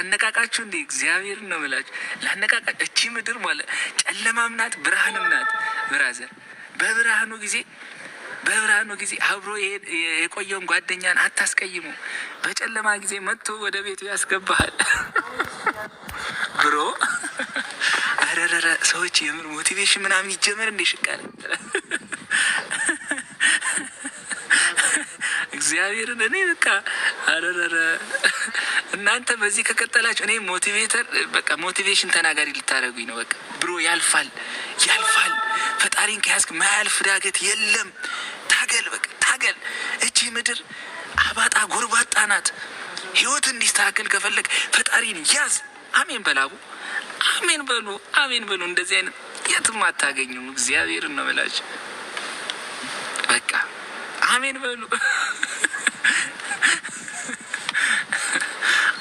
ላነቃቃችሁ እንዴ እግዚአብሔርን ነው ምላችሁ ላነቃቃ እቺ ምድር ማለት ጨለማም ናት፣ ብርሃንም ናት። ብራዘር በብርሃኑ ጊዜ በብርሃኑ ጊዜ አብሮ የቆየውን ጓደኛን አታስቀይሙ። በጨለማ ጊዜ መጥቶ ወደ ቤቱ ያስገባሃል ብሮ አረረረ ሰዎች የምር ሞቲቬሽን ምናምን ይጀመር እንዴ ሽቃል እግዚአብሔርን እኔ በቃ አረረረ እናንተ በዚህ ከቀጠላችሁ እኔ ሞቲቬተር በቃ ሞቲቬሽን ተናጋሪ ልታደረጉኝ ነው። በቃ ብሮ ያልፋል፣ ያልፋል። ፈጣሪን ከያዝክ ማያልፍ ዳገት የለም። ታገል፣ በቃ ታገል። እቺ ምድር አባጣ ጎርባጣ ናት። ህይወት እንዲስተካከል ከፈለግ ፈጣሪን ያዝ። አሜን በላቡ አሜን በሉ፣ አሜን በሉ። እንደዚህ አይነት የትም አታገኙም። እግዚአብሔርን ነው በላቸው። በቃ አሜን በሉ።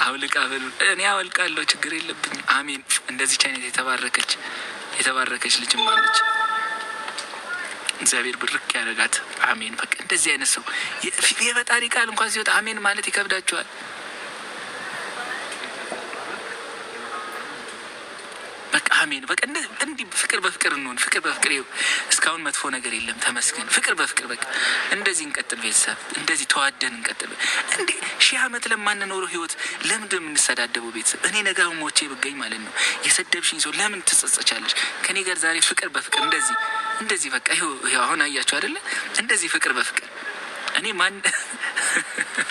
አብልቅ አበል እኔ አወልቃለሁ፣ ችግር የለብኝ። አሜን። እንደዚች አይነት የተባረከች የተባረከች ልጅም አለች። እግዚአብሔር ብርክ ያደረጋት። አሜን። በቃ እንደዚህ አይነት ሰው የፈጣሪ ቃል እንኳን ሲወጣ አሜን ማለት ይከብዳችኋል። አሜን። በቃ እንዲህ ፍቅር በፍቅር እንሆን፣ ፍቅር በፍቅር ይኸው፣ እስካሁን መጥፎ ነገር የለም፣ ተመስገን። ፍቅር በፍቅር በቃ እንደዚህ እንቀጥል፣ ቤተሰብ እንደዚህ ተዋደን እንቀጥል። እንዲህ ሺህ ዓመት ለማንኖረው ህይወት ለምንድን የምንሰዳደበው? ቤተሰብ እኔ ነገ ሞቼ ብገኝ ማለት ነው የሰደብሽኝ ሰው ለምን ትጸጸቻለች? ከኔ ጋር ዛሬ ፍቅር በፍቅር እንደዚህ እንደዚህ በቃ ይኸው፣ አሁን አያቸው አይደለ? እንደዚህ ፍቅር በፍቅር እኔ ማን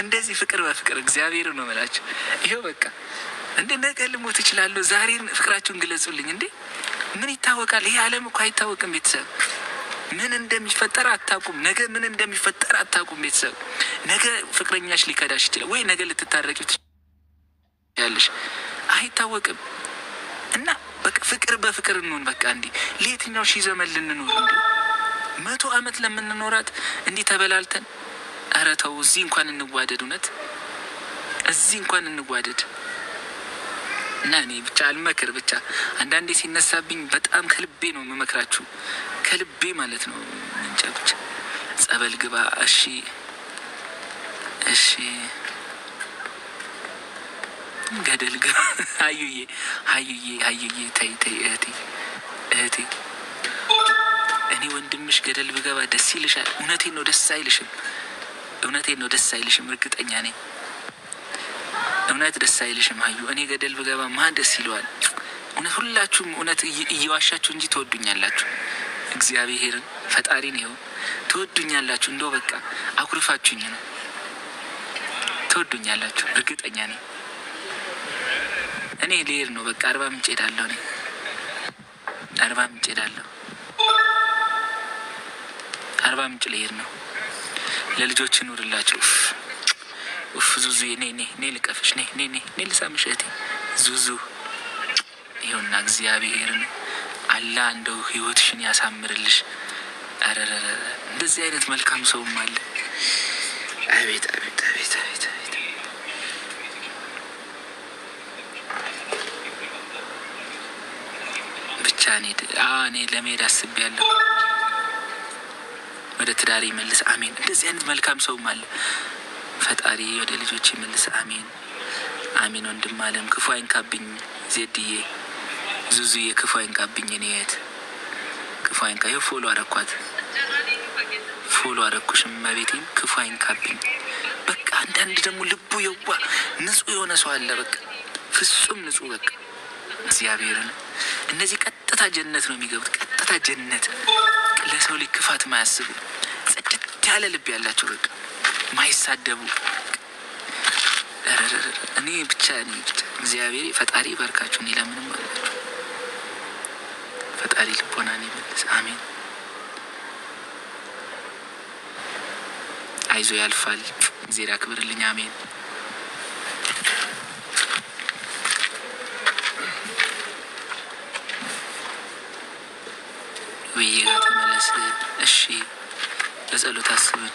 እንደዚህ ፍቅር በፍቅር እግዚአብሔር ነው የምላቸው። ይኸው በቃ እንደ ነገ ልሞት ይችላሉ ዛሬን ፍቅራችሁን ግለጹልኝ። እንዴ ምን ይታወቃል? ይሄ ዓለም እኮ አይታወቅም። ቤተሰብ ምን እንደሚፈጠር አታውቁም። ነገ ምን እንደሚፈጠር አታውቁም። ቤተሰብ ነገ ፍቅረኛሽ ሊከዳሽ ይችላል ወይ ነገ ልትታረቂ ትችያለሽ፣ አይታወቅም። እና በቃ ፍቅር በፍቅር እንሆን። በቃ እንዲ ለየትኛው ሺህ ዘመን ልንኖር እንዲ መቶ ዓመት ለምንኖራት እንዲህ ተበላልተን፣ ኧረ ተው። እዚህ እንኳን እንዋደድ፣ እውነት እዚህ እንኳን እንዋደድ። እና እኔ ብቻ አልመክር ብቻ አንዳንዴ ሲነሳብኝ በጣም ከልቤ ነው የምመክራችሁ፣ ከልቤ ማለት ነው። እንጃ ብቻ ጸበል ግባ። እሺ፣ እሺ፣ ገደል ግባ። አዩዬ፣ አዩዬ፣ አዩዬ፣ ተይ፣ ተይ፣ እህቴ፣ እህቴ፣ እኔ ወንድምሽ ገደል ብገባ ደስ ይልሻል። እውነቴን ነው፣ ደስ አይልሽም። እውነቴን ነው፣ ደስ አይልሽም። እርግጠኛ ነኝ። እውነት ደስ አይልሽም ሀዩ? እኔ ገደል ብገባ ማን ደስ ይለዋል? እውነት ሁላችሁም እውነት እየዋሻችሁ እንጂ ትወዱኛላችሁ። እግዚአብሔርን ፈጣሪን ይኸው ትወዱኛላችሁ። እንደ በቃ አኩርፋችሁኝ ነው ትወዱኛላችሁ። እርግጠኛ ነኝ። እኔ ልሄድ ነው በቃ አርባ ምንጭ ሄዳለሁ። እኔ አርባ ምንጭ ሄዳለሁ። አርባ ምንጭ ልሄድ ነው። ለልጆች ኑርላችሁ ኡፍ ዙዙ ኔ ኔ ኔ ልቀፍሽ ኔ ኔ ኔ ኔ ልሳምሽ እህቴ ዙዙ። ይሁና እግዚአብሔርን አላህ እንደው ህይወትሽን ያሳምርልሽ። ረረረ እንደዚህ አይነት መልካም ሰውም አለ። አቤት አቤት አቤት አቤት አቤት። ብቻ ኔ እኔ ለመሄድ ያለሁ ወደ ትዳሬ መልስ። አሜን። እንደዚህ አይነት መልካም ሰውም አለ። ፈጣሪ ወደ ልጆች መልስ። አሜን አሜን። ወንድም አለም ክፉ አይንካብኝ፣ ዜድዬ ዙዙዬ ክፉ አይንካብኝ። እኔ ክፉ አይንካ። ይኸው ፎሎ አረኳት፣ ፎሎ አረኩሽም። እመቤቴ ክፉ አይንካብኝ። በቃ አንዳንድ ደግሞ ልቡ የዋ ንጹህ የሆነ ሰው አለ። በቃ ፍጹም ንጹህ በቃ እግዚአብሔርን እነዚህ ቀጥታ ጀነት ነው የሚገቡት። ቀጥታ ጀነት ለሰው ልጅ ክፋት ማያስቡ ጸድት ያለ ልብ ያላቸው በቃ ማይሳደቡ እኔ ብቻ እኔ ብቻ እግዚአብሔር ፈጣሪ ባርካችሁ። እኔ ለምንም አላችሁ ፈጣሪ ልቦና እኔ መልስ። አሜን። አይዞ ያልፋል። እግዜር አክብርልኝ። አሜን። ውይይት ተመለስ። እሺ ለጸሎት አስብን።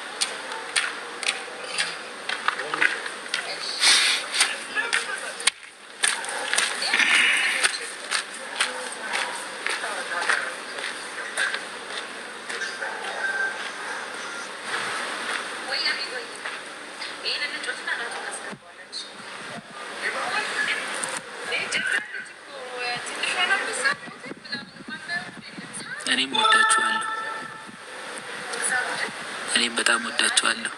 እኔም ወዳችኋለሁ። እኔም በጣም ወዳችኋለሁ።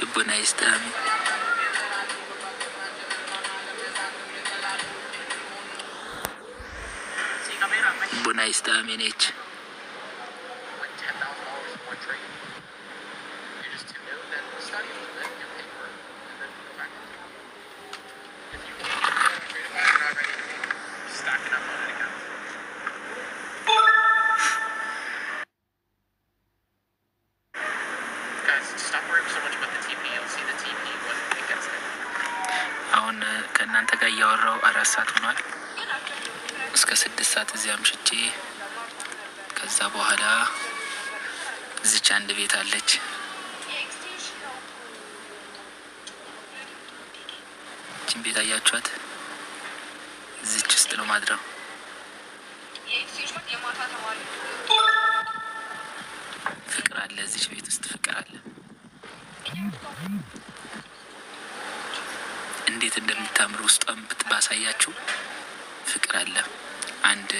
ልቡና ይስጣሚ ቡና ይስጣሚ ነች ከእናንተ ጋር እያወራው አራት ሰዓት ሆኗል። እስከ ስድስት ሰዓት እዚያ አምሽቼ ከዛ በኋላ እዚች አንድ ቤት አለች። ችን ቤት አያችኋት? እዚች ውስጥ ነው ማድረው ብታምር ውስጧን ብትባሳያችሁ ፍቅር አለ አንድ